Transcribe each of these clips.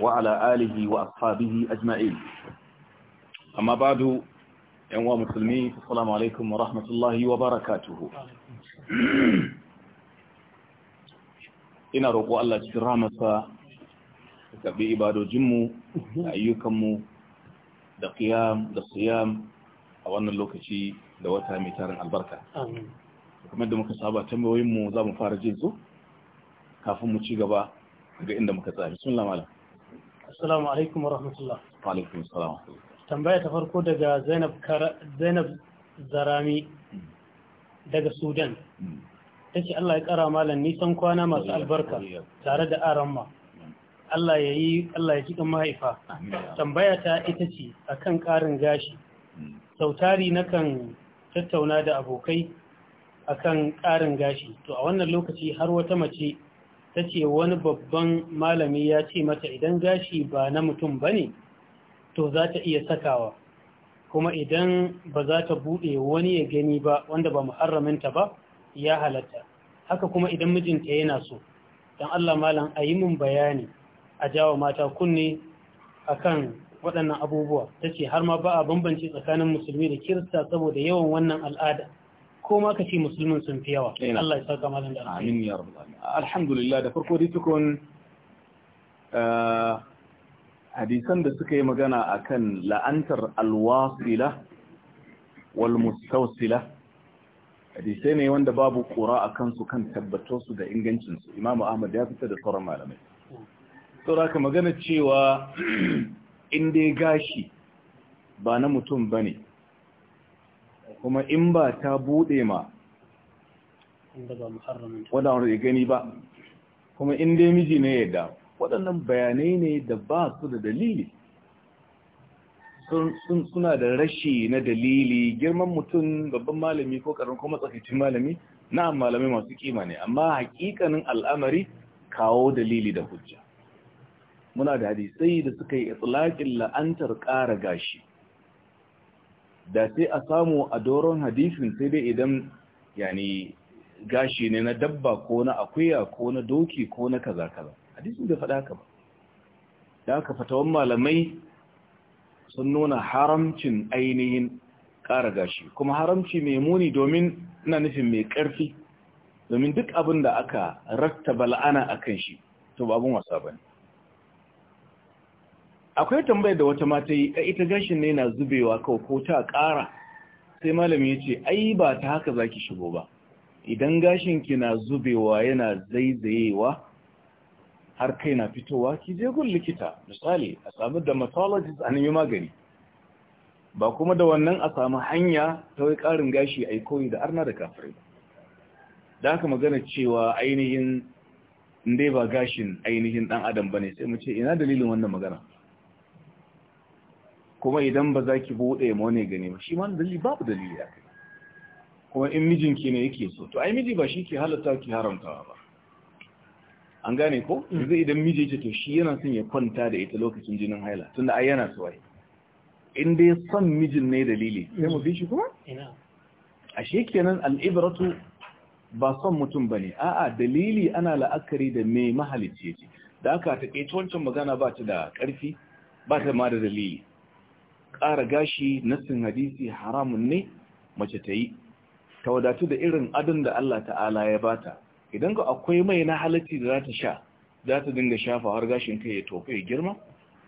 وعلى آله وأصحابه أجمعين أما بعد أنواع مسلمين alaikum wa rahmatullahi wa وبركاته ina roƙo Allah cikin ramarsa ka bi ibadojinmu da ayyukanmu da qiyam da siyam a wannan lokaci da wata mai tarin albarka kamar da muka saba tambayoyinmu za mu fara jin su kafin mu ci gaba daga inda muka tsaya sun malam Assalamu alaikum wa rahmatullah. Wa alaikum salam. Tambaya ta farko daga Zainab Zarami daga Sudan. Ta ce Allah ya ƙara malam nisan kwana masu albarka tare da aramma. Allah ya yi Allah ya mahaifa. Tambaya ta ita ce akan ƙarin gashi. Sautari nakan tattauna da abokai akan ƙarin gashi. To a wannan lokaci har wata mace ta ce wani babban malami ya ce mata idan gashi ba na mutum ba ne to za ta iya sakawa kuma idan ba za ta buɗe wani ya gani ba wanda ba muharraminta ba ya halatta haka kuma idan mijinta yana so don Allah malam a yi mun bayani a jawo mata kunne a kan waɗannan abubuwa ta ce har ma ba a bambance tsakanin musulmi da kirista saboda yawan wannan al'ada ko ma ka musulmin sun fi yawa Allah ya saka malam da amin ya rabbal alhamdulillah da farko dai tukun eh, hadisan da suka yi magana akan la'antar alwasila wal mustawsila hadisai ne wanda babu qura a kansu kan tabbato su da ingancinsu Imam ahmad ya fita da sauran malamai sauraka magana cewa in dai gashi ba na mutum bane kuma in ba ta buɗe ma wadda wani gani ba kuma in dai miji ne yadda waɗannan bayanai ne da ba su da dalili suna da rashi na dalili girman mutum babban malami ko karin kuma malami na malamai masu kima ne amma hakikanin al'amari kawo dalili da hujja muna da hadisai da suka yi itsilakin la'antar ƙara gashi da sai a samu a doron hadisin sai dai idan yani gashi ne na dabba ko na akuya ko na doki ko na kaza kaza hadisin bai faɗa haka ba da aka fatawan malamai sun nuna haramcin ainihin ƙara gashi kuma haramci mai muni domin ina nufin mai ƙarfi domin duk abin da aka rattaba la'ana a kan shi to ba wasa ba akwai tambayar da wata mata yi ita gashin ne na zubewa kawai ko ta ƙara sai malami ya ce ai ba ta haka za ki shigo ba idan gashin ki na zubewa yana zaizayewa har kai na fitowa ki je gun likita misali a samu dermatologist a nemi magani ba kuma da wannan a samu hanya ta wai ƙarin gashi a koyi da arna da kafirai da aka magana cewa ainihin dai ba gashin ainihin ɗan adam ba ne sai mu ce ina dalilin wannan magana kuma idan ba za ki buɗe ma wani gani ba shi ma dalili babu dalili a kai kuma in mijinki ne yake so to ai miji ba shi ke halatta ki haramtawa ba an gane ko mm. zai idan miji yake to shi yana son ya kwanta da ita lokacin jinin haila tunda ai yana so ai in dai son mijin ne dalili sai mu bi shi kuma ina shi kenan al'ibratu ba son mutum bane a'a dalili ana la'akari da me mahalicci yake da aka take wancan magana ba ta da ƙarfi ba ta ma da dalili ƙara gashi nassin hadisi haramun ne mace ta yi ta wadatu da irin adon da Allah ta'ala ya bata idan ka akwai mai na halatti da za ta sha za ta dinga shafa har gashin kai ya tofe ya girma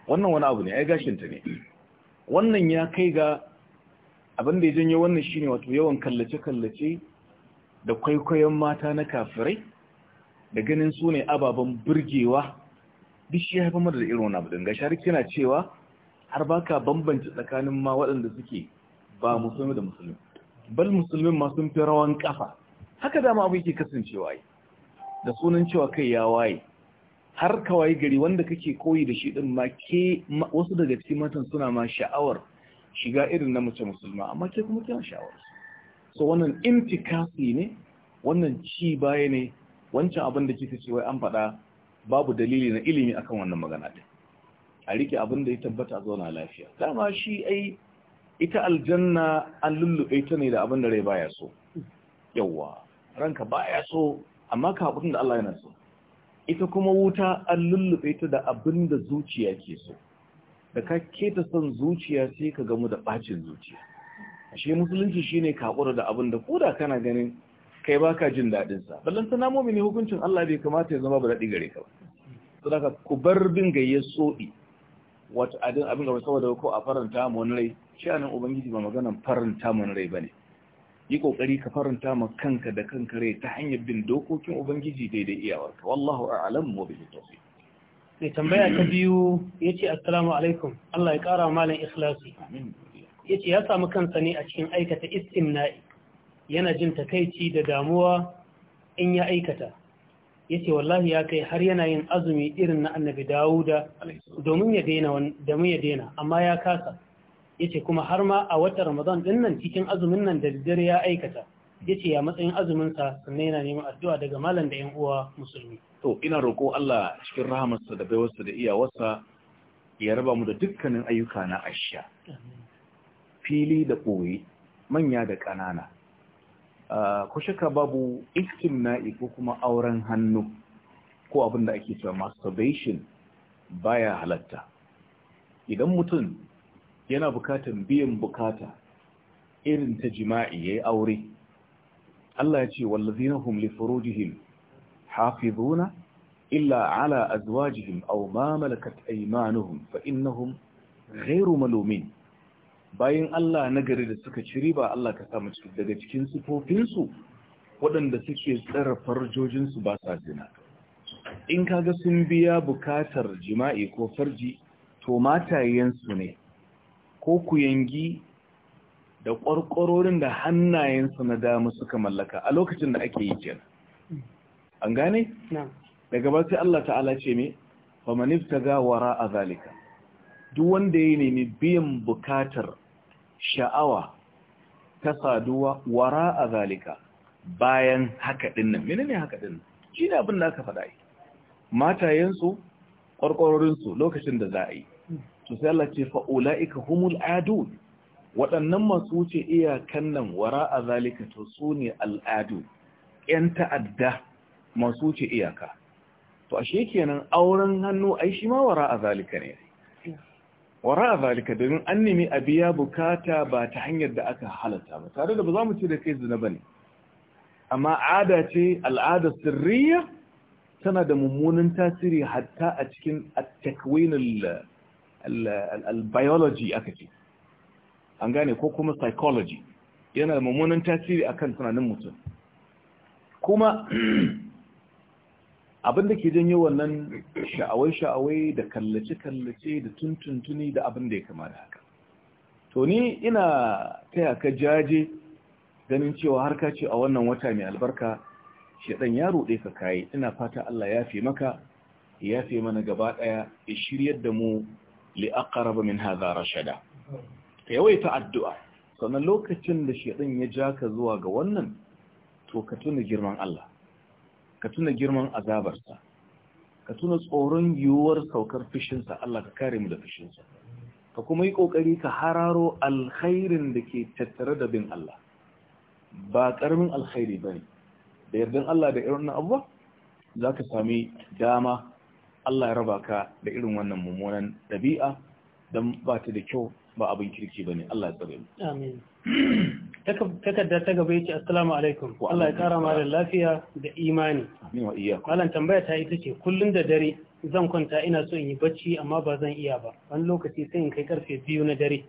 wannan wani abu ne ai gashinta ne wannan ya kai ga abin da ya janyo wannan shi ne wato yawan kallace-kallace da kwaikwayon mata na kafirai da ganin su ne ababen birgewa. duk shi haifar da irin wani abu cewa har ba ka bambanci tsakanin ma waɗanda suke ba musulmi da musulmi bal musulmin ma sun fi rawan kafa haka dama abu yake kasancewa yi da sunan cewa kai ya waye har kawai gari wanda kake koyi da shi din ma ke wasu daga cikin matan suna ma sha'awar shiga irin na mace musulma amma ke kuma kina sha'awar so wannan intikasi ne wannan ci baya ne wancan abin da kika ce wai an faɗa babu dalili na ilimi akan wannan magana din a rike abin da ya tabbata zauna lafiya dama shi ai ita aljanna an lullube ta ne da abin da rai baya so yawwa ranka baya so amma ka haƙurin da Allah yana so ita kuma wuta an lullube ta da abin da zuciya ke so da ka keta son zuciya sai ka gamu da ɓacin zuciya ashe musulunci shine ka haƙura da abin da koda kana ganin kai baka jin daɗin sa ballan sana ne hukuncin Allah bai kamata ya zama ba daɗi gare ka ba saboda ku bar bin gayyar soɗi wata adin abin gaba saboda ko a faranta mu wani rai shanin ubangiji ba maganan faranta mu rai bane yi kokari ka faranta ma kanka da kanka rai ta hanyar bin dokokin ubangiji daidai iyawarka wallahu a'lam wa bihi tawfiq mai tambaya ta biyu yace assalamu alaikum Allah ya kara malam ikhlasi amin yace ya samu kansa ne a cikin aikata istimna'i yana jin takaici da damuwa in ya aikata yace wallahi ya kai har yana yin azumi irin na annabi dawuda domin ya daina mu ya daina amma ya kasa yace kuma har ma a watan ramadan din nan cikin azumin nan da dare ya aikata yace ya matsayin azuminsa sannan yana neman addu'a daga malam da yan uwa musulmi to ina roko Allah cikin rahamarsa da baiwarsa da iyawarsa ya raba mu da dukkanin ayyuka na ashiya fili da ɓoye manya da ƙanana ku shaka babu iskin na'i ko kuma auren hannu ko abin da ake cewa masturbation baya halatta idan mutum yana bukatan biyan bukata irin ta jima'i yayi aure Allah ya ce wallazina hum li furujihim hafizuna illa ala azwajihim aw ma malakat aymanuhum fa innahum ghayru malumin bayan Allah na gari da suka ci riba Allah ka sa musu daga cikin sifofinsu waɗanda suke tsara farjojinsu ba sa zina in kaga sun biya bukatar jima'i ko farji to matayensu ne ko ku yangi da ƙwarƙwarorin da hannayensu na dama suka mallaka a lokacin da ake yi kenan an gane? daga ba sai Allah ta'ala ce me ba manifta ga wara a zalika duk wanda ya nemi biyan bukatar sha'awa ta saduwa wara a zalika bayan haka dinnan menene haka dinnan shi ne abin da aka faɗa yi matayensu ƙwarƙwarorinsu lokacin da za a yi to sai Allah ce fa'ula'ika humul waɗannan masu wuce iyakan nan wara a zalika to su ne al'adu ‘yan ta'adda masu wuce iyaka to ashe kenan auren hannu ai shi ma wara a zalika ne wara zalika domin an nemi a biya bukata ba ta hanyar da aka halatta ba tare da ba za mu ce da kai zina ba ne amma ada ce al'ada sirriya tana da mummunan tasiri hatta a cikin takwin al-biology aka ce an gane ko kuma psychology yana da mummunan tasiri akan tunanin mutum kuma abin da ke janyo wannan sha'awai-sha'awai da kallace-kallace da tuntuntuni da abin da ya kama da haka to ni ina taya ka jaje ganin cewa har ka ce a wannan wata mai albarka shaɗan ya ruɗe ka kayi ina fata Allah ya fi maka ya fi mana gaba ɗaya ya shiryar da mu li'aƙaraba min haza rashada ka ta addu'a sannan lokacin da shaɗan ya ja ka zuwa ga wannan to ka tuna girman Allah ka tuna girman azabarsa ka tuna tsoron yiwuwar saukar fishinsa Allah ka kare mu da fishinsa ka kuma yi ƙoƙari ka hararo alkhairin da ke tattare da bin Allah ba ƙaramin alkhairi bane da yardan Allah da irin abuwa za ka sami dama Allah ya raba ka da irin wannan mummunan ɗabi'a don ba ta da kyau ba abin kirki ba ne Allah ya tsare mu. Amin. takarda ta gaba yace assalamu alaikum Allah ya kara ma lafiya da imani malam tambaya ta ita ce kullum da dare zan kwanta ina so in yi bacci amma ba zan iya ba wani lokaci sai in kai karfe biyu na dare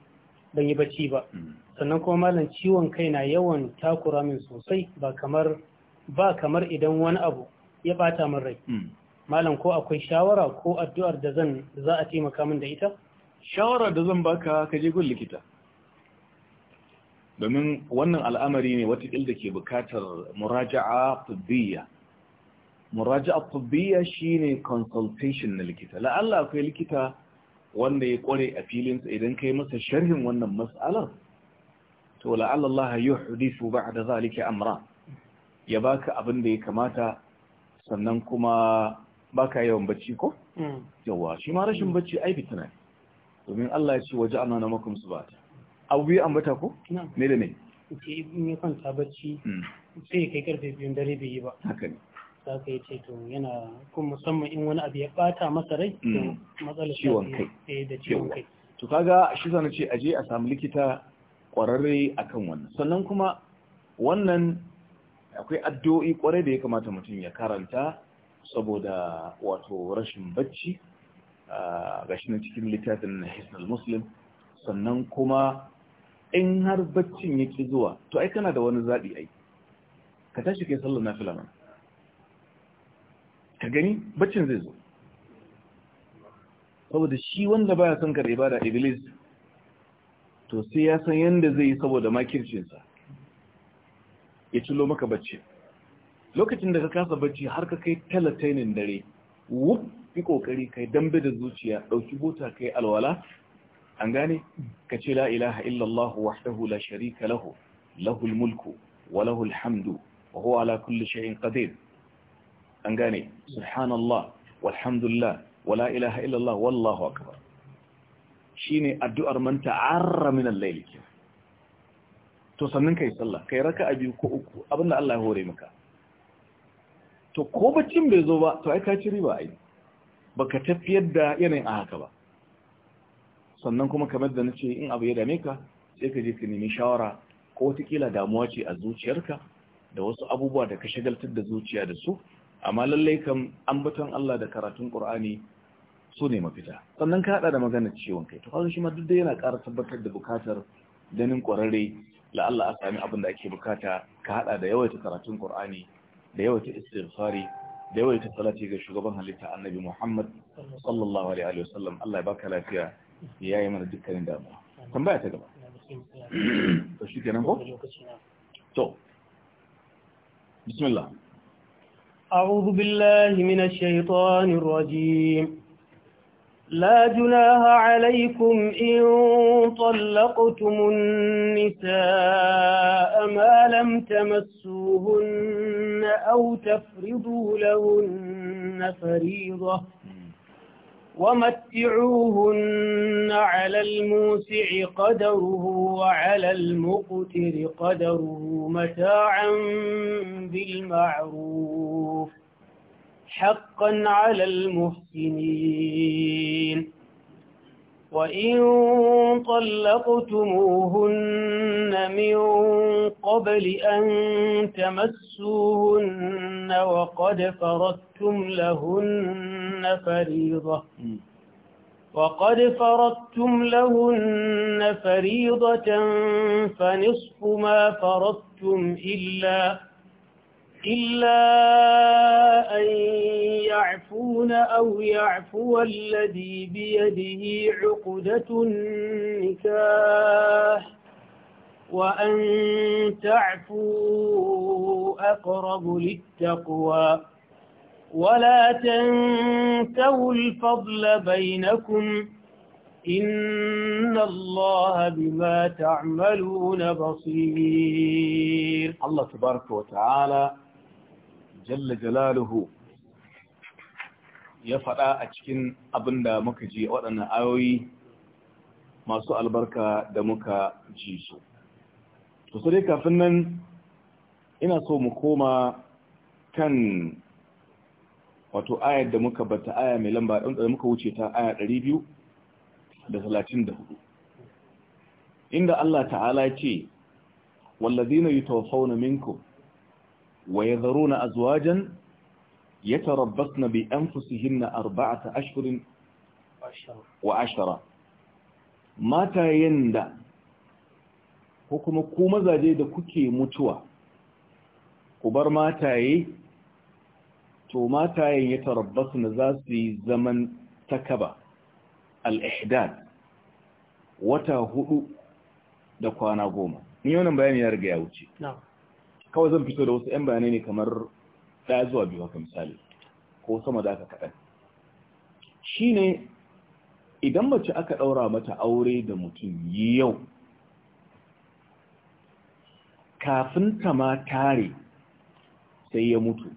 ban yi bacci ba mm. sannan kuma malam ciwon kai na yawan takura min sosai ba kamar idan wani abu ya bata min rai mm. malam ko akwai shawara ko addu'ar da zan za a taimaka min da ita shawara da zan baka ka je gun likita domin wannan al'amari ne watakil da ke bukatar muraja'a tubbiya muraja'a tubbiya shine consultation na likita la'alla akwai likita wanda ya kware a filinsa idan kai masa sharhin wannan mas'alar to la'alla Allah ya hudisu ba'da zalika amra ya baka abin da ya kamata sannan kuma baka yawan bacci ko mm. yawa shi ma rashin bacci ai fitina domin Allah ya ce waje annana makum subata abu biyu bata ko me da me ke yi kwanta bacci hmm. sai kai karfe biyun dare bai yi ba haka ne za ka yi ce to yana kun musamman in wani abu ya bata masa rai matsala hmm. matsalar ciwon kai eh, da ciwon kai to kaga shi zana ce aje a samu likita kwararre akan wannan sannan kuma wannan akwai addu'o'i kwarai da ya kamata mutum ya karanta saboda wato rashin bacci ah, ga shi cikin littafin na hisnal muslim sannan kuma in har baccin ya zuwa to ai kana da wani zaɓi ai ka tashi kai sallar nafila ma ka gani baccin zai zo saboda shi wanda baya son kar ibada iblis to sai ya san yanda zai yi saboda makircinsa ya cilo maka bacci lokacin da ka kasa bacci har ka kai talatainin dare wuf fi kokari kai dambe da zuciya ɗauki bota kai alwala an gane ka ce la ilaha illallah wahdahu la sharika lahu lahul mulku wa lahul hamdu wa huwa ala kulli shay'in qadir an gane subhanallah walhamdulillah wa la ilaha illallah wallahu akbar shine addu'ar man ta'arra min al-layl to sannan kai sallah kai raka'a biyu ko uku abinda Allah ya hore maka to ko bacin bai zo ba to ai ka ci riba ai baka tafiyar da yanayin a haka ba sannan kuma kamar da nace in abu ya dame ka sai ka je ka nemi shawara ko wataƙila damuwa ce a zuciyarka da wasu abubuwa da ka shagaltar da zuciya da su amma lallai kam ambaton Allah da karatun Qur'ani su ne mafita sannan ka hada da maganar ciwon kai to kaga shi ma duk da yana ƙara tabbatar da bukatar ganin ƙwararre la Allah a sami abin da ake bukata ka hada da yawaita karatun Qur'ani da yawaita istighfari da yawaita salati ga shugaban halitta Annabi Muhammad sallallahu alaihi wa Allah ya baka lafiya ya yi mana dukkanin damuwa tambaya ta gaba to shi kenan ko to bismillah أعوذ بالله من الشيطان الرجيم لا جناها عليكم إن طلقتم النساء ما لم تمسوهن أو تفرضوا لهن فريضة ومتعوهن على الموسع قدره وعلى المقتر قدره متاعا بالمعروف حقا على المحسنين وإن طلقتموهن من قبل أن تمسوهن وقد فرضتم لهن فريضة وقد فرضتم لهن فريضة فنصف ما فرضتم إلا إلا أن يعفون أو يعفو الذي بيده عقدة النكاح وأن تعفوا أقرب للتقوى ولا تنتهوا الفضل بينكم إن الله بما تعملون بصير الله تبارك وتعالى جل جلاله ya faɗa a cikin abin da muka je waɗannan ayoyi masu albarka da muka ji su. To sai kafin nan ina so mu koma kan wato ayar da muka bata aya mai lamba da muka wuce ta aya 234 inda Allah ta'ala ce wallazina yatawaffawna minkum wa yadharuna azwajan yatarabbasna bi anfusihinna arba'ata ashhurin wa ashara matayen da ko kuma ku mazaje da kuke mutuwa ku bar mataye to yin ya tarabbasu na za su yi zaman takaba alihdad wata hudu da kwana goma ni wannan bayani ya riga ya wuce kawai zan fito da wasu 'yan bayanai ne kamar ɗaya zuwa biyu haka misali ko sama da aka kaɗan shi ne idan mace aka ɗaura mata aure da mutum yau kafin ta ma tare sai ya mutu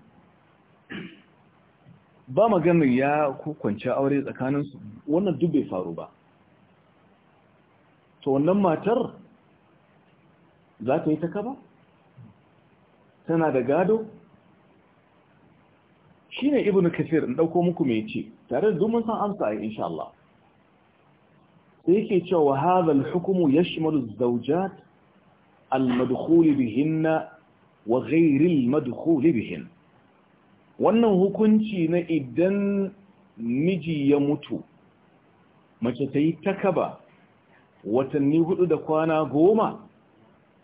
ba maganar ya ko aure tsakaninsu wannan dubbe bai faru ba to wannan matar za ta yi ta kaba tana da gado shi ne ibn kafir in ɗauko muku mai ce tare da dumin san amsa a insha Allah sai yake cewa hadhal hukumu yashmalu zaujat al-madkhul bihinna wa ghayr al bihinna wannan hukunci na idan miji ya mutu mace ta yi takaba watanni hudu da kwana goma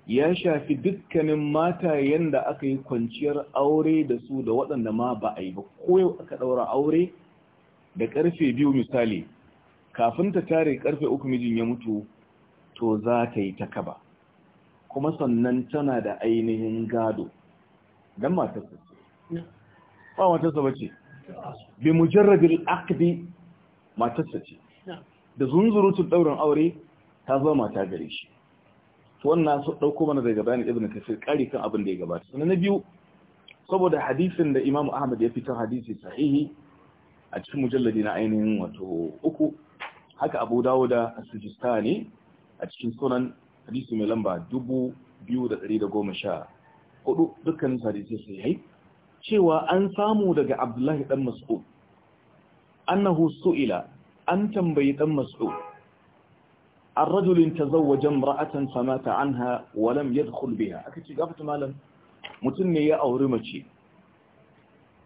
ya shafi dukkanin mata yadda aka yi kwanciyar aure da su da waɗanda ma ba a yi ba koyau aka ɗaura aure da ƙarfe biyu misali kafin ta tare ƙarfe uku mijin ya mutu to za ta yi ta kuma sannan tana da ainihin gado don matarsa ba matarsa ba ce bi mujarrabin akadi matarsa ce da zunzurutun ɗaurin aure ta zama mata gare shi to wannan su ɗauko mana daga bayanin ibn kasir ƙari kan abin da ya gabata sannan na biyu saboda hadisin da imamu ahmad ya fitar hadisi sahihi a cikin mujalladi na ainihin wato uku haka abu dawo da ne a cikin sunan hadisi mai lamba dubu biyu da ɗari da goma sha hudu dukkanin hadisai sai cewa an samu daga abdullahi Ɗan mas'ud annahu su'ila an tambayi Ɗan mas'ud الرجل تزوج ha, فمات عنها ولم يدخل Aka ce, gafata malam mutum ne ya auri mace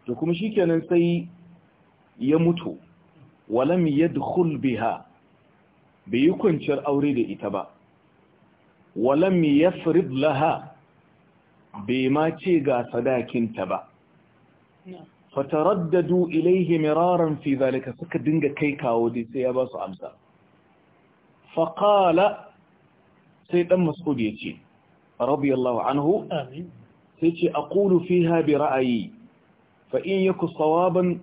to kuma shikenan sai ya mutu walam yadkhul biha bai yi kwanciyar aure da ita ba walam yafrid laha bai ma ce ga sadakinta ba fataraddadu ilaihi miraran fi zalika suka dinga kai kawo dai sai ya ba su amsa faqala sai dan mas'ud yace radiyallahu anhu amin sai ce aqulu fiha bi ra'ayi fa in yaku sawaban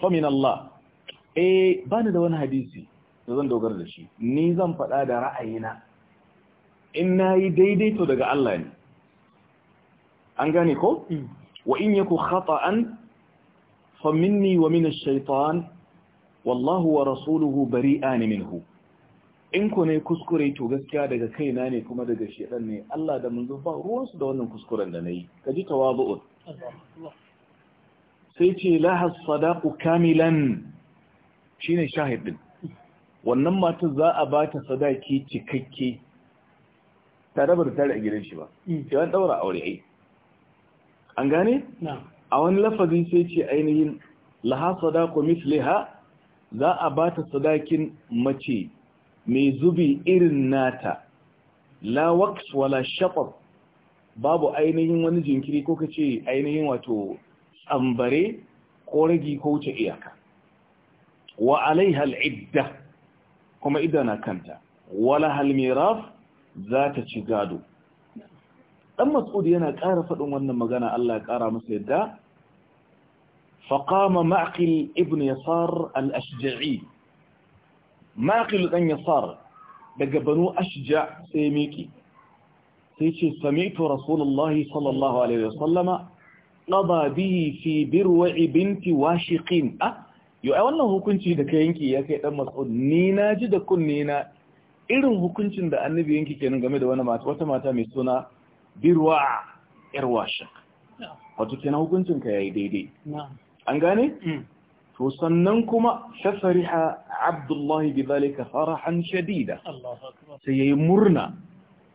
fa min Allah eh bani da wani hadisi da zan dogara da shi ni zan faɗa da ra'ayina in nayi daidaito daga Allah ne an gane ko wa in yaku khata'an fa minni wa wallahu wa rasuluhu bari minhu in ku ne kuskure to gaskiya daga kai na ne kuma daga shedan ne Allah da mun ba ruwan su da wannan kuskuren da nayi kaji tawadu'un sai ce laha sadaqu kamilan shine shahidin wannan matar za a ba ta sadaki cikakke ta rabar tare a gidan shi ba mm. sai an daura aure ai an gane a wani lafazi sai ce ainihin laha sadaku leha za a ba ta sadakin mace mai zubi irin nata la waks wala shaqab babu ainihin wani jinkiri ko ka ce ainihin wato tsambare ko ragi ko wuce iyaka wa alaihal idda kuma idana kanta wala hal za ta ci gado dan mas'ud yana ƙara faɗin wannan magana Allah ya ƙara masa yadda faqama ma'qil ibn yasar al-ashja'i ma'qil dan yasar daga banu ashja sai miki sai ce sami'tu rasulullahi sallallahu alaihi wasallama qada bi fi birwa'i binti washiqin ah yo ai wannan hukunci da ka yanki ya kai dan mas'ud ni naji da kunni na irin hukuncin da annabi yanki kenan game da wani mata wata mata mai suna birwa irwa wato kenan hukuncin ka yayi daidai an gane mm. to sannan kuma shafariha abdullahi bizalika farahan shadida sai yi murna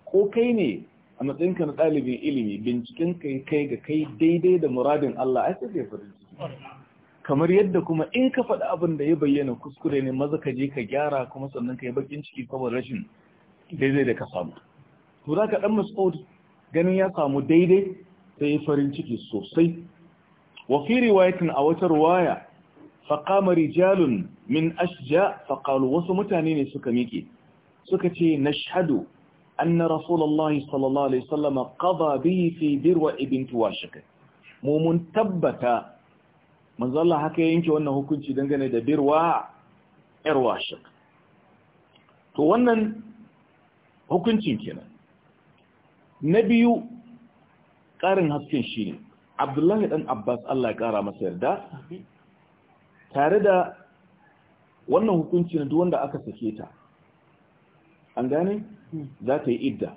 ko kai ne a matsayinka na ɗalibin ilimi binciken kai kai ga kai daidai da muradin Allah ai sai farin kamar yadda kuma in ka faɗi abin da ya bayyana kuskure ne maza ka je ka gyara kuma sannan ka yi bakin ciki saboda rashin daidai da ka samu to za ka ɗan mas'ud ganin ya samu daidai sai farin ciki sosai wa fi riwayatin a wata riwaya faqama rijalun min ashja faqalu wasu mutane ne suka miƙe suka ce nashhadu anna rasulullahi sallallahu alaihi wasallam qada bi fi dirwa ibn tuwashik mu mun tabbata manzo Allah haka yanke wannan hukunci dangane da dirwa irwashik to wannan hukuncin kenan na biyu ƙarin hasken shi ne abdullahi ɗan abbas allah ƙara masa yarda tare da wannan hukunci na duk wanda aka sake ta an gane hmm. za ta yi idda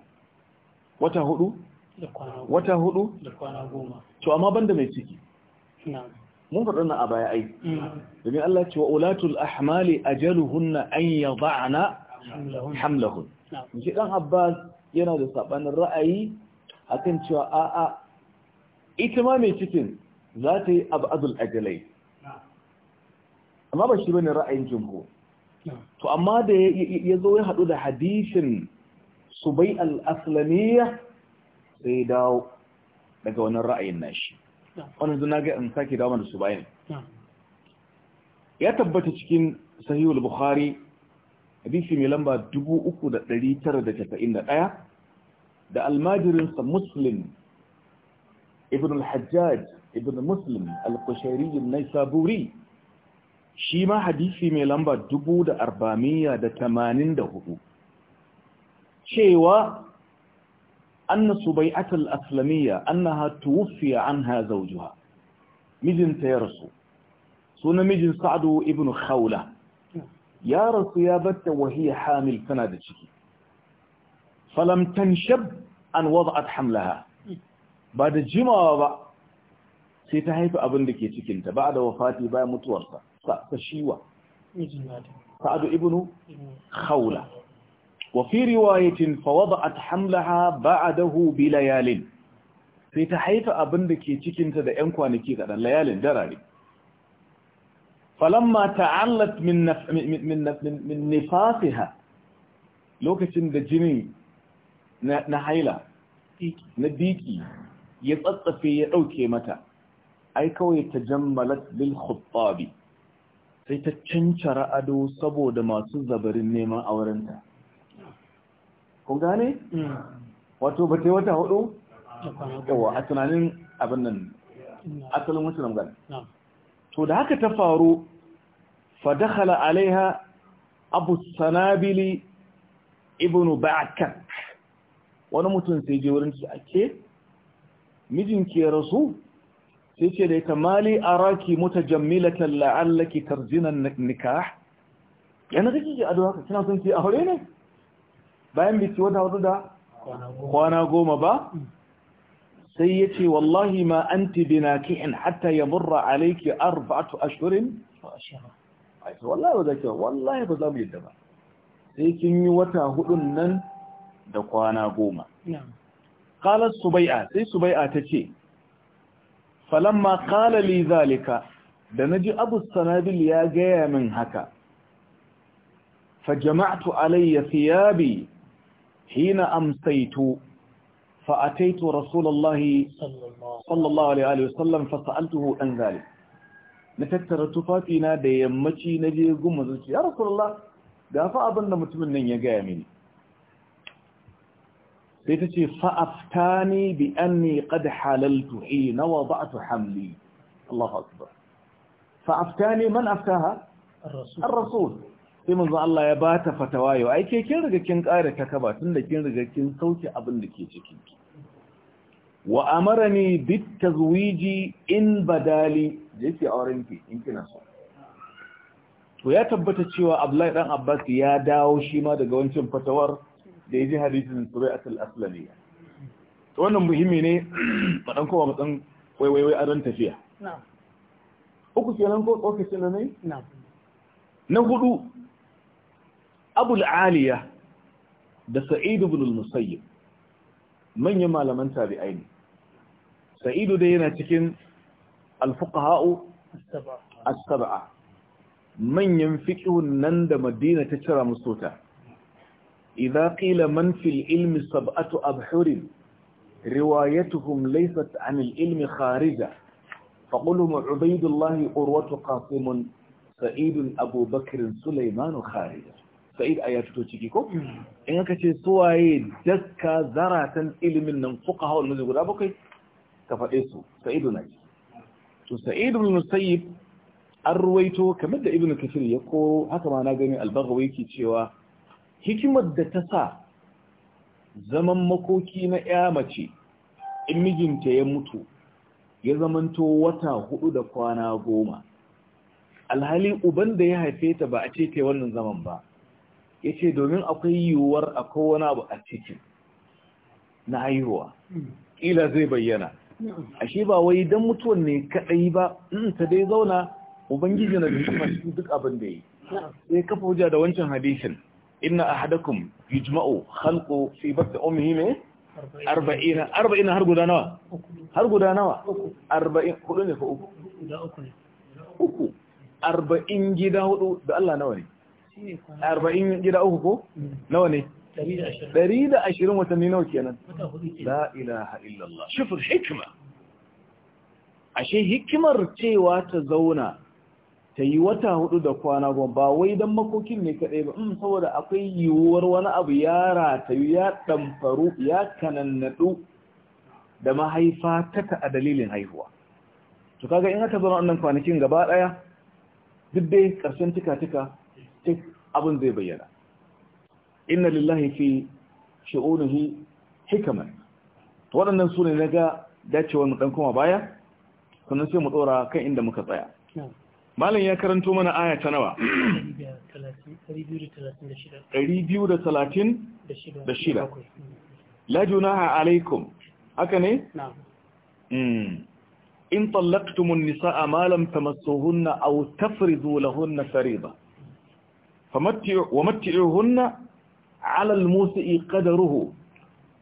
wata hudu wata hudu to amma banda mai ciki mun faɗa na a baya ai hmm. domin Allah ce wa ulatul ahmali ajaluhunna an yad'ana hamlahun shi ɗan abbas yana da saɓanin ra'ayi akan cewa a'a ita ma mai cikin za ta yi abadul ajalai amma ba shi bane ra'ayin jumhur to amma da ya zo ya haɗu da hadishin subai al'aslamiyya sai dawo daga wannan ra'ayin nashi wannan zuna ga in sake dawo da subai ya tabbata cikin sahihul bukhari hadisi mai lamba 3991 da almajirinsa muslim ibn al-hajjaj ibn muslim al-kushairi saburi shi ma hadisi mai lamba 484 cewa anna subai'atul aslamiyya annaha tuwfiya anha zawjuha mijinta ya rasu sunan mijin sa'adu ibn khawla yaransu ya batta wahiya hamil tana da ciki falam tanshab an wada'at hamlaha ba da jimawa ba sai ta haifi abin da ke cikinta ba da wafati bayan mutuwarsa ta shiwa sa'adu ibnu khawla wa fi riwayatin fa wada'at hamlaha ba'dahu bi layalin sai ta haifi abin da ke cikinta da 'yan kwanaki kaɗan layalin darare falamma ta'allat min min nifasiha lokacin da jinin na haila na diki ya tsatsafe ya dauke mata ai kawai ta jammalat bil khuttabi sai ta cancara ado saboda masu zabarin neman aurenta kun gane wato ba yi wata hudu yawa a tunanin abin nan asalin wasu namgan to da haka ta faru فدخل عليها أبو السنابل ابن بعكك ونموت سيجي ورنسي أكي مجنك يا رسول سيجي ليك مالي أراك متجملة لعلك ترزين النكاح يعني غيجي أدواك سنو سنسي أهليني باين بيتي ودها ودها خوانا قوم با سيتي والله ما أنت بناكح حتى يمر عليك أربعة أشهر وأشهر ai wallahi ba za ki wallahi ba za mu yadda ba sai kin yi wata hudun nan da kwana goma qalat subai'a sai subai'a tace falamma qala li zalika da naji abu sanabil ya gaya min haka fa jama'tu alayya thiyabi hina amsaytu فأتيت رسول الله صلى الله عليه وسلم فسألته عن ذلك na tattara tufafina da yammaci na je gun manzon ya rasulullah ga fa abin da mutumin nan ya gaya mini sai ta ce fa'aftani bi anni qad halaltu hina wada'tu hamli Allahu akbar fa'aftani man aftaha ar-rasul sai manzo Allah ya bata fatawa yau ai ke kin riga kin kare takaba tunda kin riga kin sauke abin da ke cikin ki wa amarani bit tazwiji in badali je auren ki in kina so to ya tabbata cewa Abdullahi dan Abbas ya dawo shi ma daga wancan fatawar da yaji hadisin Surayat al-Aslamiyya to wannan muhimmi ne fadan kowa matsan wai wai wai aran tafiya na'am uku kenan ko shi ne na'am na hudu Abul Aliya da Sa'id ibn al-Musayyib manyan malaman tabi'ai ne سعيد دينا تكين الفقهاء السبعة من ينفكه نند مدينة ترى مصوتا إذا قيل من في العلم سبعة أبحر روايتهم ليست عن العلم خارجة فقلهم عبيد الله قروة قاسم سعيد أبو بكر سليمان خارجة سعيد آيات توتيكيكو إنك تسوى دكا زرعة علم من فقهاء المزيد أبو ka faɗe su sa'idu na ji to sa'idu musayyib an ruwaito kamar da ibn kafir ya koro haka ma na gani albagawa ke cewa hikimar da ta sa zaman makoki na ya mace in mijinta ya mutu ya zamanto wata hudu da kwana goma alhali uban da ya haife ta ba a ce ta wannan zaman ba ya ce domin akwai yiwuwar akwai wani abu a cikin na haihuwa hmm. ƙila zai bayyana ashe ba wai dan mutuwan ne kadai ba in mm, ta dai zauna ubangiji na da cikin duk abin da yi sai kafa hujja da wancan hadisin inna ahadakum yujma'u khalqu fi batni ummihi me 40 40 har guda nawa har guda nawa 40 hudu ne ko uku da uku ne uku 40 gida hudu da Allah nawa ne 40 gida uku ko nawa ne ashirin watanni nawa kenan la ilaha illallah hikima ashe hikimar cewa ta zauna ta yi wata hudu da kwana goma ba wai don makokin ne kaɗai ba in mm, saboda akwai yiwuwar wani abu ya ratayu ya ɗamfaru ya kanannadu da mahaifa taka a dalilin haihuwa to kaga in aka zama wannan kwanakin gaba ɗaya duk dai ƙarshen tika-tika abin zai bayyana inna lillahi fi shi'unihi hikaman waɗannan su ne na ga dacewar mu ɗan kuma baya sannan sai mu ɗora kan inda muka tsaya malam ya karanto mana aya ta nawa 236 la junaha alaikum haka ne hmm. in tallaqtumun nisaa ma lam tamassuhunna aw tafridu lahunna fariida famatti'u wa matti'uhunna على الموسئ قدره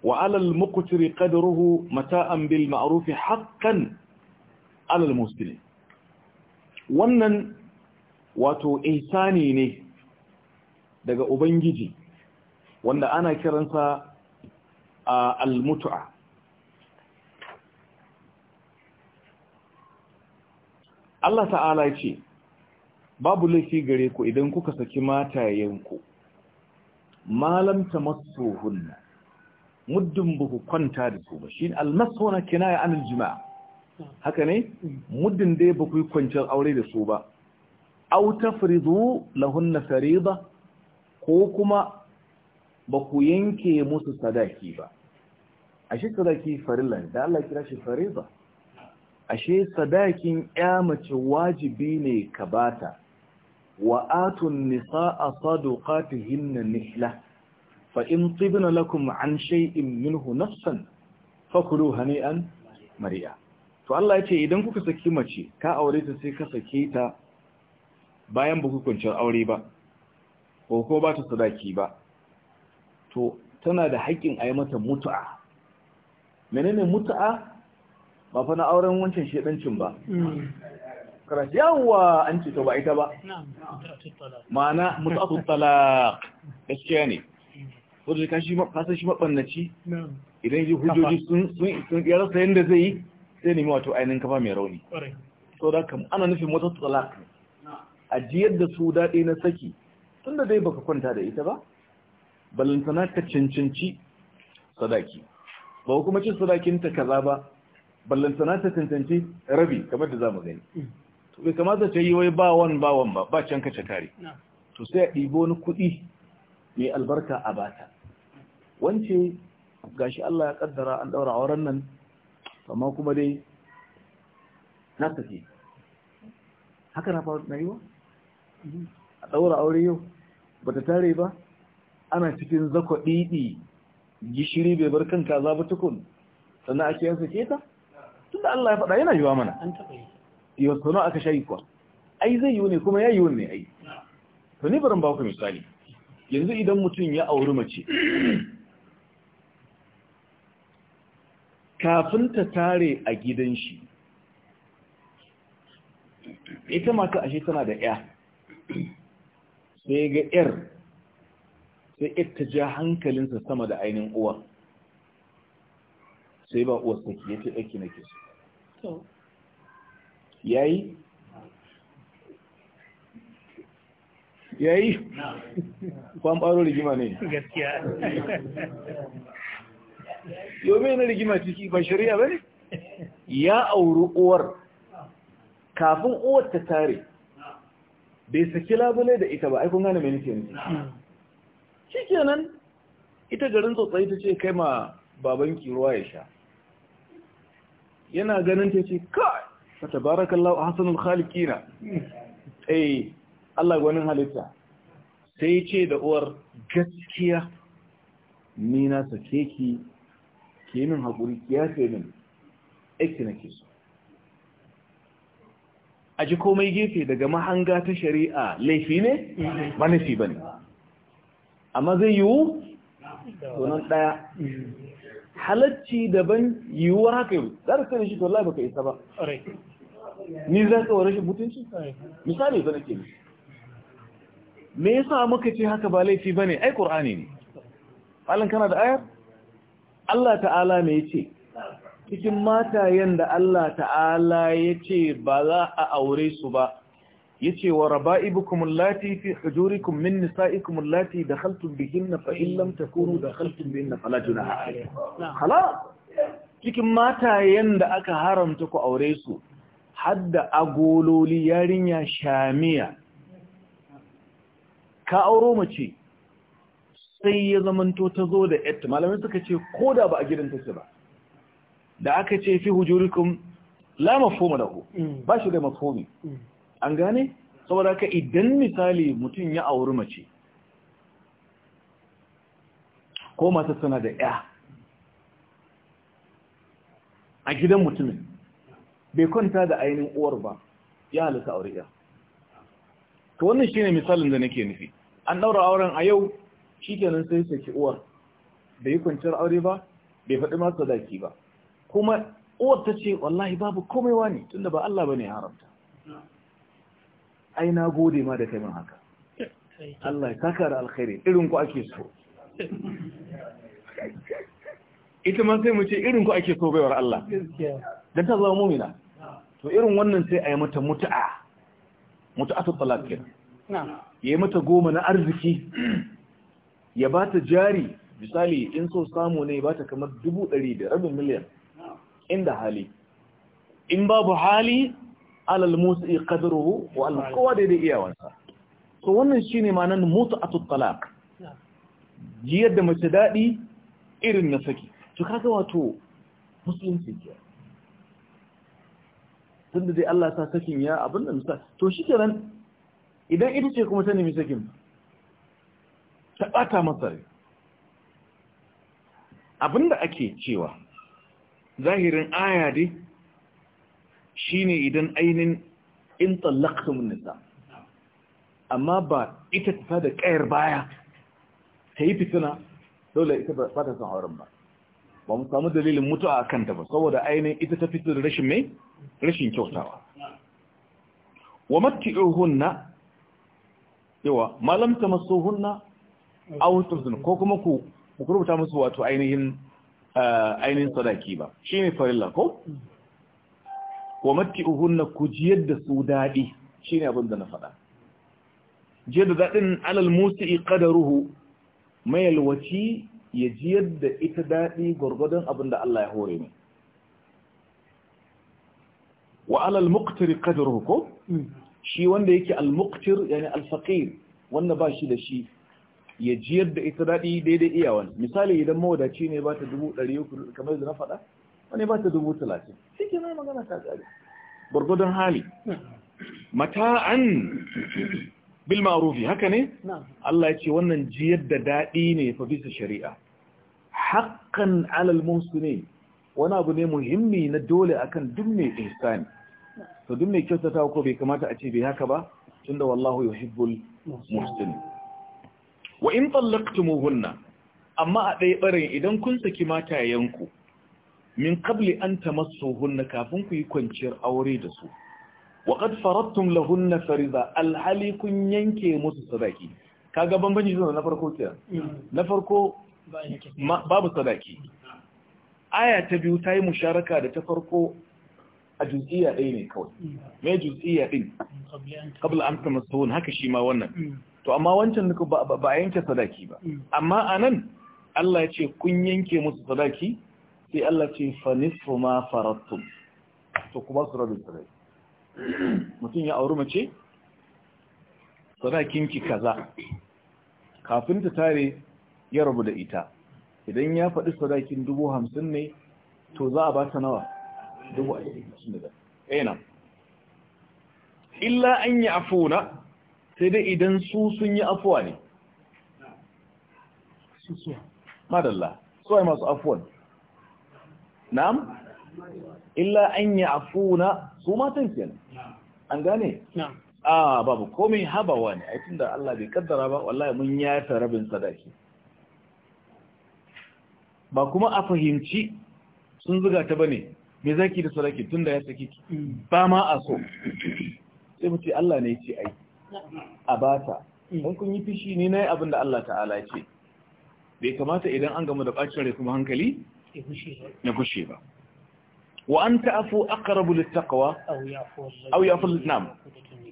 وعلى المقتر قدره متاء بالمعروف حقا على المسلم wannan wato insani ne daga ubangiji wanda ana kiransa al mutua Allah ta'ala ce babu laifi gare ku idan kuka saki matayenku malam tamassuhunna muddin buku kwanta da su ba shi almasu na kinaya an jima'a haka ne muddin da ba ku yi kwanciyar aure da su ba au tafridu lahunna fariida ko kuma ba ku yanke musu sadaki ba ashe sadaki farilla ne da Allah kira shi fariida ashe sadakin ya mace wajibi ne ka bata wa atun nisaa sadaqatihinna nihla fa in tibna lakum an shay'in minhu nafsan fakulu hani'an mari'a to Allah ya ce idan kuka saki mace ka aure ta sai ka sake ta bayan ba kuncin aure ba ko ko ba ta sadaki ba to tana da haƙƙin a mata mutu'a menene mutu'a ba fa na auren wancan shedancin ba hmm. karanta yawa an ce to ba ita ba ma'ana mutatun talaq gaskiya ne wanda kan shi kasan shi mabannaci idan ji hujjoji sun sun sun ya rasa yanda zai sai nemi wato ainihin kafa mai rauni to da kam ana nufin wata talaq ajiyar da su dade na saki tunda dai baka kwanta da ita ba balantana ka cancanci sadaki ba kuma cin ta kaza ba ballantana ta cancanci rabi kamar da za mu gani mm. to bai kamata ta yi wai ba wan ba ba ba can kace kare to sai a ɗibo wani kuɗi mai albarka a bata wance gashi Allah ya kaddara an daura auren nan amma kuma dai na tafi haka na faru na yi wa a daura aure yau bata tare ba ana cikin zakwa ɗiɗi gishiri bai bar kanka za ba tukun sannan ake yansa ke ta tunda Allah ya faɗa yana yiwa mana yau sau aka shayi kuwa ai zai yi ne kuma ya yi ne ai to ni barin baku misali yanzu idan mutum ya auri mace kafin ta tare a gidan shi ita mata ashe tana da ya sai ga yar sai ita ja hankalinsa sama da ainihin uwa sai ba uwar saki ya ce ɗaki na ke yayi yayi kwan ɓaro rigima ne gaskiya yau na rigima ciki ba shari'a ba ne ya auri uwar kafin uwar ta tare bai saki labule da ita ba kun gane mai nufi yanzu ita garin tsotsai ta ce kai ma babanki ruwa ya sha yana ganin ta ce kai fatabarakallahu ahsanul khaliqina eh Allah gwanin halitta sai ce da uwar gaskiya ni na sake ki ke min hakuri ya min aiki nake so a ji komai gefe daga mahanga ta shari'a laifi ne ba laifi ba ne amma zai yiwu sunan ɗaya halacci daban yiwuwar haka yi za ka kare shi to lai baka isa ba ni zan tsawo rashin mutunci misali ba nake mishi me yasa muka ce haka ba laifi bane ai qur'ani ne malan kana da ayar Allah ta'ala me yace cikin matayen da Allah ta'ala yace ba za a aure su ba yace wa raba'ibukum allati fi hujurikum min nisa'ikum allati dakhaltum bihinna fa in lam takunu dakhaltum bihinna fala junaha alaykum khalas cikin matayen da aka haramta ku aure su hadda agololi yarinya shamiya ka auro mace sai ya zamanto ta zo da yatta malamai suka ce ko da ba a gidan take ba da aka ce fi hujurikum la mafhuma lahu mm. ba shi da mafhumi mm. an gane saboda ka idan misali mutum ya auri mace ko mata tana da ya a gidan mutumin bai kwanta da ainihin uwar ba ya halitta aure ya to wannan shine misalin da nake nufi an daura auren a yau shi shikenan sai saki uwar bai kwanciyar aure ba bai faɗi masu sadaki ba kuma uwar ta ce wallahi babu komai wa ne tunda ba Allah bane ya haramta ai na gode ma da kai min haka Allah ya saka da alkhairi irin ku ake so ita ma sai mu ce irin ku ake so baiwar Allah dan ta zama mu'mina to irin wannan sai a yi mata mutu'a mutu'atul talaq kenan ya yi mata goma na arziki ya ba ta jari misali in so samu ne ba ta kamar dubu ɗari da rabin miliyan inda hali in babu hali alal musi qadruhu wa al kowa da iyawansa so wannan shine manan mutu'atul talaq jiyar da mace daɗi irin na saki to kaga wato musulunci Tunda da dai Allah sa sakin ya abin da misali to shi kenan idan ita ce kuma ta nemi sakin ta ɓata masa Abinda da ake cewa zahirin aya dai shine idan ainihin in tsallaktumin nisa amma ba ita ta da ƙayar baya ta yi fitina dole ita ba ta san auren ba ba mu samu dalilin mutuwa a kanta ba saboda ainihin ita ta fito da rashin mai rashin kyautawa wa matti'uhunna yawa malam tamassuhunna aw turzun ko kuma ku rubuta musu wato ainihin eh, ainihin sadaki ba shine farilla ko wa matti'uhunna ku jiyar da su dadi shine abin da na faɗa jiyar da dadin alal musi'i qadaruhu mai alwaci ya jiyar da ita dadi gurgurdan abin da Allah ya hore ni. wa alal muqtir qadruhu ko shi wanda yake al muqtir yani al faqir wanda ba shi da shi ya jiyar da ita daɗi daidai iyawan misali idan mawadaci ne ba ta dubu ɗari uku kamar da na faɗa wani ba ta dubu talatin shi ke nan magana ta tsari gwargwadon hali mata'an bil ma'rufi haka ne Allah ya ce wannan jiyar da daɗi ne fa bisa shari'a haqqan alal muhsinin wani abu ne muhimmi na dole akan duk mai ihsani to duk mai kyautata ko bai kamata a ce bai haka ba tunda wallahu yuhibbul muhsin wa in tallaqtumuhunna amma a ɗaya barin idan kun saki matayenku min qabli an tamassuhunna kafin ku yi kwanciyar aure da su wa qad faradtum lahunna fariza alhali kun yanke musu sadaki kaga bambanci zuwa na farko na farko babu sadaki aya ta biyu ta yi musharaka da ta farko a juziya ɗaya ne kawai hmm. me juz'iyya ɗin kabla an ta masahun haka shi ma wannan hmm. to amma wancan duka ba a yanke sadaki ba hmm. amma a nan Allah ya ce kun yanke musu sadaki sai Allah ce fa ma farattum to kuma su rabin sadaki mutum ya auri mace sadakin ki kaza kafin ta tare ya rabu da ita idan ya faɗi sadakin dubu hamsin ne to za a ba ta nawa dubu a cikin da eh, illa an yi afuna sai dai idan su sun yi afuwa ne su su madalla su ai masu afuwan na'am illa an yi afuna su matan kenan an gane a babu komai habawa ne a yi da Allah bai kaddara ba wallahi mun yafe rabin sadaki ba kuma a fahimci sun zuga ta bane me zaki da tun tunda ya saki mm. ba ma a so sai mu ce Allah ne ya ce ai a bata don mm. kun yi fishi ne na yi abin da Allah ta'ala ce bai kamata idan an gama da ɓacin rai kuma hankali na kushe ba wa an ta'afu aqrabu littaqwa aw yaful nam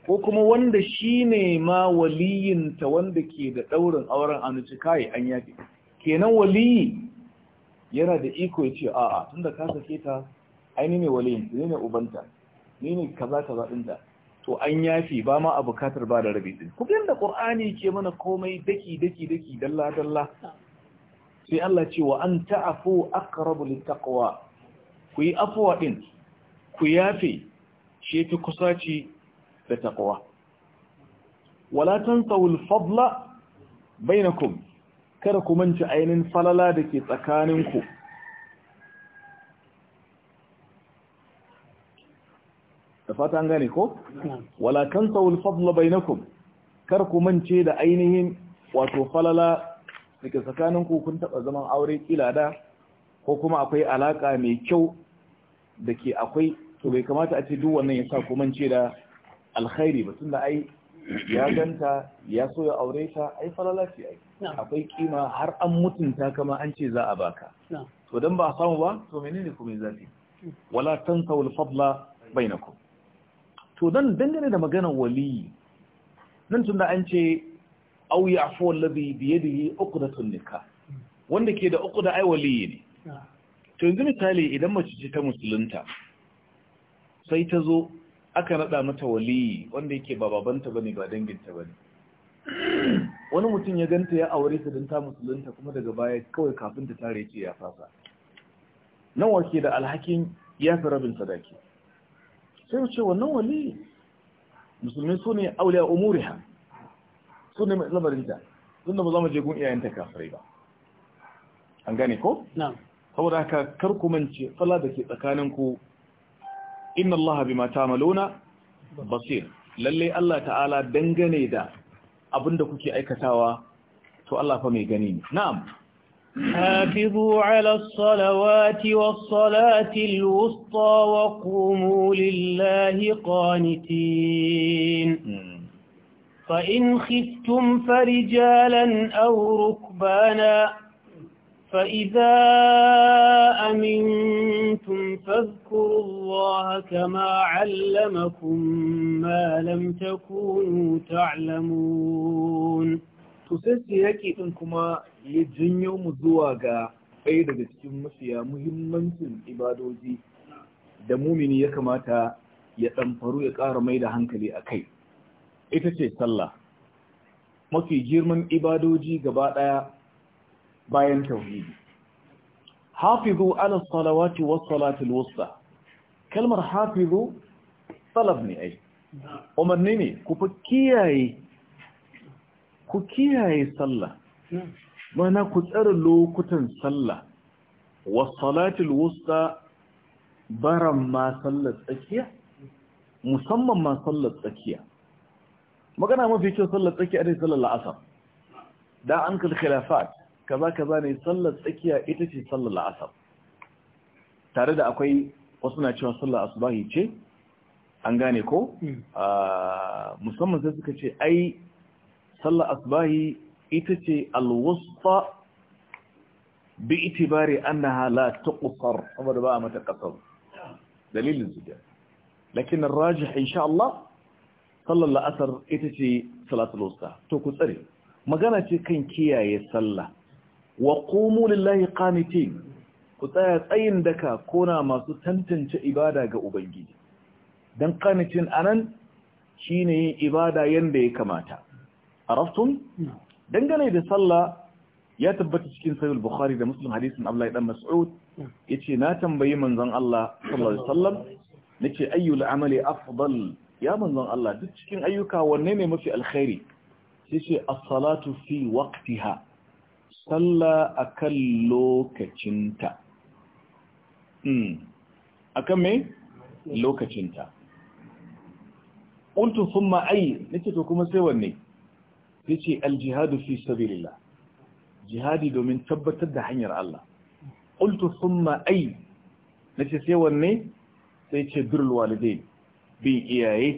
ko kuma wanda shine ma waliyin ta wanda ke da daurin auren annabi kai an yafi kenan waliyi yana da iko ya ce a'a tunda ka sake ta ai ne waliyin ni ne ubanta ni ne kaza kaza da to an yafi ba ma a bukatar ba da rabi din kuma da qur'ani ke mana komai daki daki daki dalla dalla sai Allah ce wa an ta'afu aqrabu taqwa ku yi afwa din ku yafe shi yake kusaci da taqwa wala tansawul fadla bainakum kada ku manta ainin falala da ke tsakaninku da fata an gane ko wala tansawul fadla bainakum kar ku mance da ainihin wato falala daga tsakanin ku kun taba zaman aure kila da ko kuma akwai alaka mai kyau dake akwai to bai kamata a ce duk wannan ya sa ku mance da alkhairi ba tunda ai ya ganta ya so ya aure ta ai falala ce ai akwai kima har an mutunta kama an ce za a baka to dan ba a samu ba to menene ku mai zafi hmm. wala tansawul fadla bainakum to dan dangane da maganar wali nan tunda an ce au yafu wallazi bi yadihi uqdatun nikah wanda ke da uqda ai waliyi ne ah. to yanzu misali idan mace ce ta musulunta sai ta zo aka nada mata waliyi wanda yake ba babanta bane ba danginta bane wani mutum ya ganta ya aure ta dan ta musulunta kuma daga baya kawai kafin ta tare ce ya fasa nan wake da alhakin ya fi rabin sadaki sai mu ce wannan wali musulmi su ne auliya umuriha su ne mai ta. sun da ba za mu je gun ta kafirai ba an gane ko? na saboda haka kar ku mance fala da ke tsakaninku inna bi mata malona basir lalle Allah ta'ala dangane da abinda kuke aikatawa to Allah fa mai gani ne na'am حافظوا على الصلوات والصلاة الوسطى وقوموا لله قانتين فإن خفتم فرجالا أو ركبانا فإذا أمنتم فاذكروا الله كما علمكم ما لم تكونوا تعلمون to sai su yaƙi ɗin kuma ya janyo mu zuwa ga ɗaya daga cikin mafiya muhimmancin ibadoji da mumini ya kamata ya ɗamfaru ya ƙara mai da hankali a kai ita ce sallah mafi girman ibadoji gaba ɗaya bayan tauhidi hafizu ala salawati was salatul wusta kalmar hafizu salaf ne ai umarni ne ku fa kiyaye ku kiyaye sallah mana ku tsara lokutan sallah wa salatul wusta baran ma sallar tsakiya musamman ma sallar tsakiya magana mafi kyau sallar tsakiya ne sallar la'asar da an kal khilafat kaza kaza ne sallar tsakiya ita ce sallar la'asar tare da akwai wasu na cewa sallar asubahi ce an gane ko hmm. ah, musamman sai suka ce ai sallar asbahi ita ce alwusta bi itibari annaha la tuqsar saboda ba mata kasar dalilin zuciya lakin rajih insha Allah sallar la'asar ita ce salatul wusta to ku tsare magana ce kan kiyaye sallah wa qumu lillahi qanitin ku tsaya tsayin daka kona masu tantance ibada ga ubangiji dan qanitin anan shine yin ibada yanda ya kamata araftum dangane da sallah ya tabbata cikin sahih bukhari da muslim hadisin Abdullahi dan Mas'ud yace na tambayi manzon Allah sallallahu alaihi wasallam nace ayyul amali afdal ya manzon Allah duk cikin ayyuka wanne ne mafi alkhairi sai ce as-salatu fi waqtiha sallah akan lokacinta mm akan me lokacinta qultu thumma ay nace to kuma sai wanne yace al-jihadu fi sabilillah jihadi domin tabbatar da hanyar Allah qultu thumma ay nace sai wanne sai ce birrul walidain bi iyaye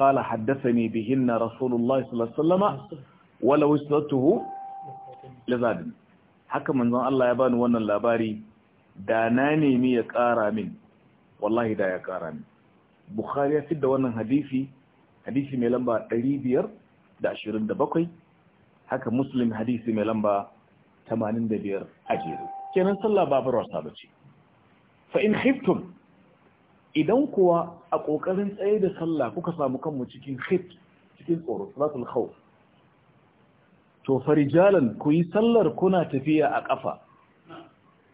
qala haddathani bihinna rasulullahi sallallahu alaihi wasallam walau istatuhu haka manzon Allah ya bani wannan labari da na nemi ya ƙara min wallahi da ya ƙara min bukhari ya da wannan hadisi hadisi mai lamba biyar. da ashirin da bakwai haka muslim hadisi mai lamba tamanin da biyar a jere kenan sallah babu rasa ba ce fa in idan kuwa a ƙoƙarin tsaye da sallah kuka samu kanmu cikin hit cikin tsoro salatul khawf to farijalan ku yi sallar kuna tafiya a ƙafa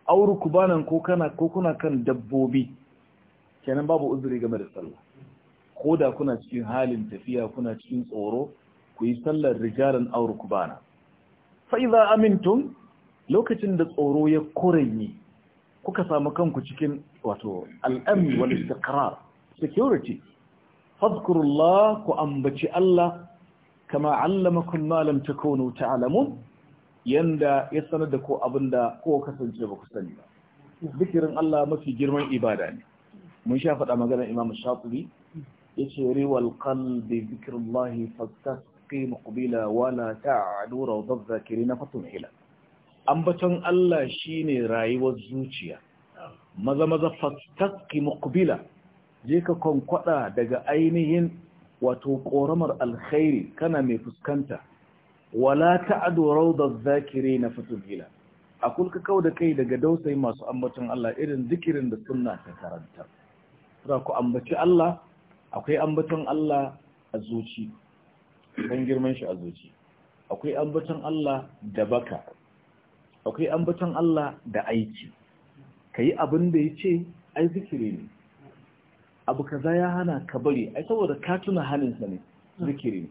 auru kubanan ko kana ko kuna kan dabbobi kenan babu uzuri game da sallah ko da kuna cikin halin tafiya kuna cikin tsoro ku yi sallar rijalan aw rukbana fa idza amintun lokacin da tsoro ya korenye kuka samu kanku cikin wato al'ammi wani istiqrar security fadhkurullah ku ambaci Allah kama malam ta lam ta alamu? yanda ya sanar da ko abinda ko kasance ba ku sani ba zikirin Allah mafi girman ibada ne mun sha faɗa maganar Imam Shafi'i ya riwal qalbi zikrullahi fastas مقبلا ولا تعد روض الذاكرين ambaton Allah shine rayuwar zuciya maza maza fastaqi muqbila je ka konkwada daga ainihin wato koramar alkhairi kana mai fuskanta wala ta'du rawdaz zakirin fatubila akul ka da kai daga dausayi masu ambaton Allah irin zikirin da sunna ta karanta za ambaci Allah akwai ambaton Allah a zuci don girman shi a zuci akwai ambaton Allah da baka akwai ambaton Allah da aiki ka yi abin da ya ce ai zikiri ne abu kaza ya hana ka bari ai saboda ka tuna haninsa ne zikiri ne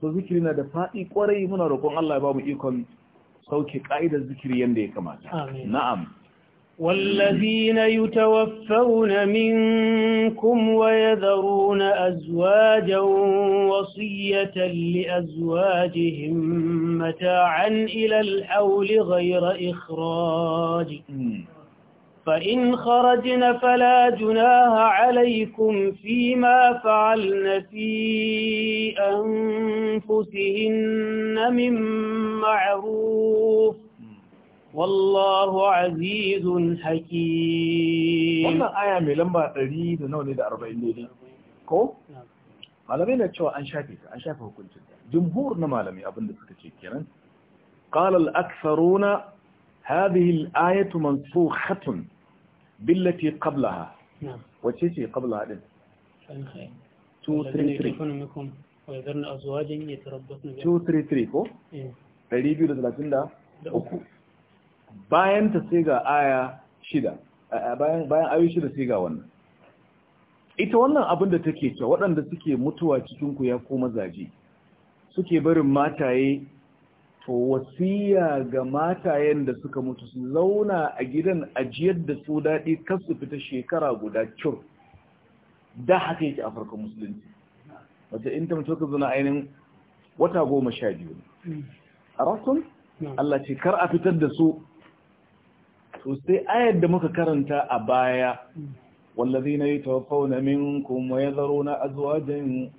so zikiri na da faɗi ƙwarai muna roƙon Allah ya ba mu ikon sauke ƙa'idar zikiri yadda ya kamata na'am والذين يتوفون منكم ويذرون أزواجا وصية لأزواجهم متاعا إلى الحول غير إخراج فإن خرجن فلا جناه عليكم فيما فعلن في أنفسهن من معروف والله عزيز حكيم wannan aya mai lamba 100 da nawa ne da 40 ne ko malamai na cewa an shafe ta an shafe hukuncin ta jumhur na malamai abinda suka ce kenan qala al-aktharuna hadhihi al-ayatu mansukhatun billati qablaha wace ce qablaha din 233 233 ko 233 bayan ta sai ga aya shida bayan ayu shida sai ga wannan ita wannan abin da take ce waɗanda suke mutuwa cikin ku ya koma mazaje suke barin mataye to wasiya ga matayen da suka mutu su zauna a gidan ajiyar da su daɗi kan su fita shekara guda cur da haka yake a farkon musulunci wata in ta mutu ka zuna ainihin wata goma sha biyu hmm. a rasun hmm. Allah ce kar a fitar da su sosai ayar da muka karanta a baya wallazina yatawaffawna minkum wa yadharuna azwajan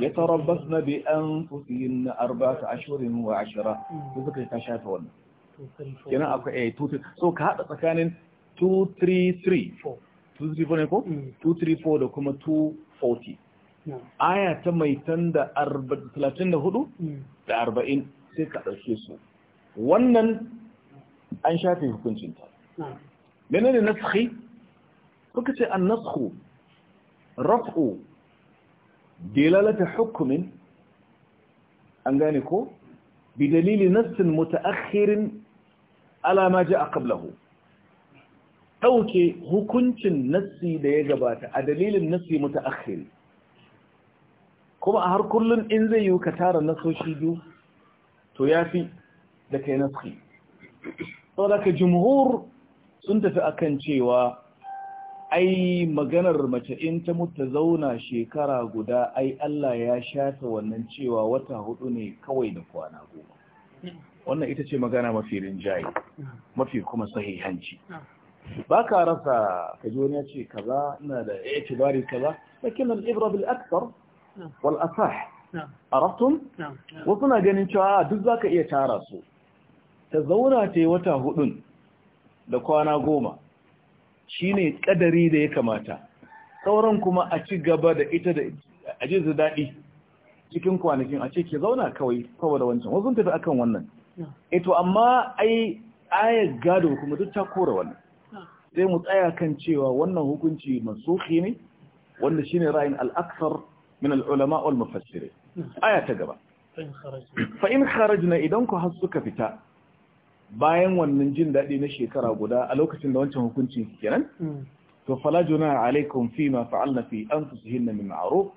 yatarabbasna bi anfusihin arba'ata ashhurin wa ashra to suka ka shafa wannan kenan akwai eh to so ka haɗa tsakanin 2 3 ne ko mm. da kuma 240 aya ta mai tan da 34 da 40 mm. sai ka ɗauke su wannan an shafe hukuncinta menene naskhi Kuka ce an naskhu raf'u dilalata hukumin an gane ko bi dalili nassin mutaakhirin alama ma a qablahu Ɗauke hukuncin nassi da ya gabata a dalilin nassi mutaakhir kuma a har kullum in zai yi ka tara nasoshi biyu to yafi da kai nassi saboda jumhur sun tafi akan cewa ai maganar mace in ta mutu zauna shekara guda ai Allah ya shata wannan cewa wata hudu ne kawai da kwana goma wannan ita ce magana mafi rinjaye mafi kuma sahihanci ba ka rasa ka ji wani ya ce kaza ina da itibari kaza lakin al-ibra bil akthar wal asah araftum wasu na ganin cewa duk zaka iya tara su ta zauna ta yi wata hudun da kwana goma shi ne kadari da ya kamata sauran kuma a ci gaba da ita da aji su daɗi cikin kwanakin a ce ke zauna kawai saboda wancan wasu tafi akan wannan eto eh amma ai ayar gado kuma duk ta kora wannan sai mu tsaya kan cewa wannan hukunci mansuhi ne wanda shine ra'ayin al aksar min al-ulama wal mufassirin aya ta gaba fa in kharajna idan ku har suka fita bayan wannan jin daɗi na shekara guda a lokacin da wancan hukuncin kenan hmm. to fala juna alaikum fi ma fa'alna fi anfusihin min ma'ruf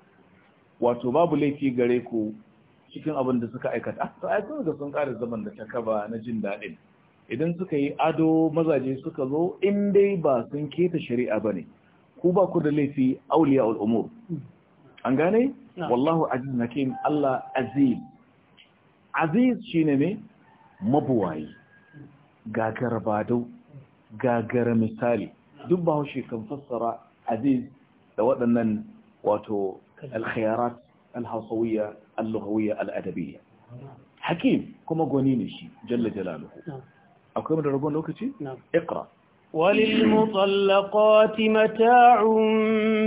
wato babu laifi gare ku cikin abin da suka aikata ah, to ai sun ga sun kare zaman da ta kaba na jin daɗin idan suka yi ado mazaje suka zo in dai ba sun keta shari'a bane ku ba ku da laifi auliya umur hmm. an gane wallahu aziz hakim Allah aziz aziz shine ne mabuwayi gagara badau gagara misali duk bahaushe kan fassara aziz da waɗannan wato alkhayarat alhausawiyya allughawiyya al'adabiyya hakim kuma gwani ne shi jalla jalaluhu akwai mu da rabon lokaci iqra وللمطلقات متاع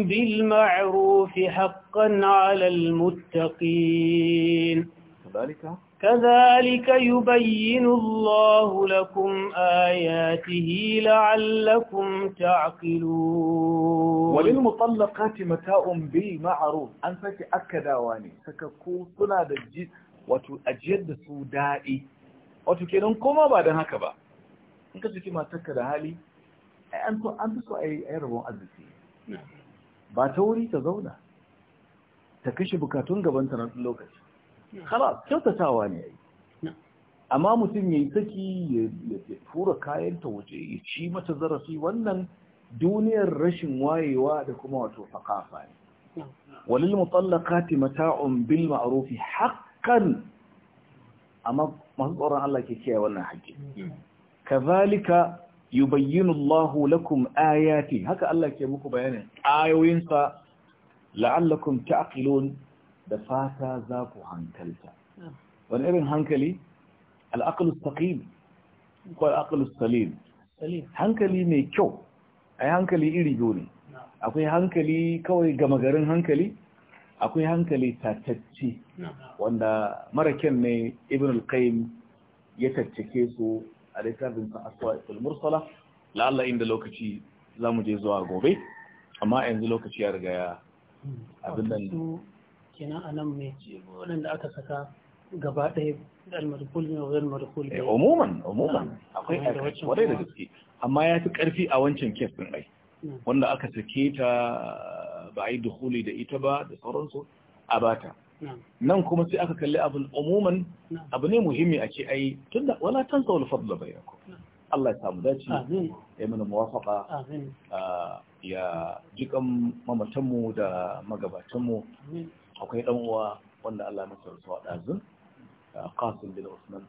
بالمعروف حقا على المتقين كذلك كذلك يبين الله لكم آياته لعلكم تعقلون وللمطلقات متاع بالمعروف أن تتأكد واني سككو سنة الجد وتأجد سودائي وتكينون كما بعد هكذا إنك تكما تكد هالي أنتو أنتو أي ربون أزلسي ba ta wuri ta zauna ta kashe bukatun gabanta na lokaci khalas kyautatawa ne yayi amma mutum yayi saki ya tura kayan waje ya ci mata zarafi wannan duniyar rashin wayewa da kuma wato fakafa ne walil mutallaqati mata'un bil ma'ruf haqqan amma masu tsoron Allah ke kiyaye wannan haƙƙi kazalika yubayyinu Allahu lakum ayati haka Allah ke muku bayanin ayoyinsa la'allakum ta'qilun da fata za ku hankalta ah. wani irin hankali al'aqlu ko al'aqlu salim hankali mai kyau yi hankali iri biyu akwai hankali kawai gama garin hankali akwai hankali tatacci wanda maraken ne ibn al-qayyim ya tattake su a littafin sa aswa'il mursala la'alla inda lokaci za mu je zuwa gobe amma yanzu lokaci ya riga ya hmm. abin nan kenan anan nan mai waɗanda aka saka gaba ɗaya da almarhul ne wajen marhul ne eh, umuman umuman akwai kwarai da gaske amma ya fi ƙarfi a wancan kes ɗin ai wanda aka sake ta eh, ba a yi dukuli da ita ba da sauransu a bata nan kuma sai aka kalli abin umuman abu ne muhimmi a ce ai tunda wala tan sa fadla bainakum Allah ya samu dace ya mana muwafaqa ah, ya jikan mamatanmu da magabatanmu akwai dan uwa wanda Allah ya masa rasuwa dazun Qasim bin Usman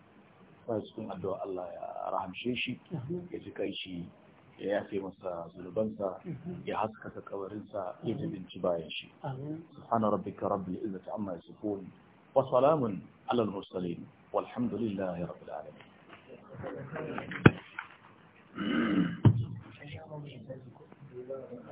sai cikin addu'a Allah ya rahamshe shi ya ji kai shi ya yafe masa zunubansa, ya haskaka kabarinsa ya binci bayan shi subhana rabbika rabbil izzati amma yasifun wa salamun alal mursalin walhamdulillahi ya alamin Thank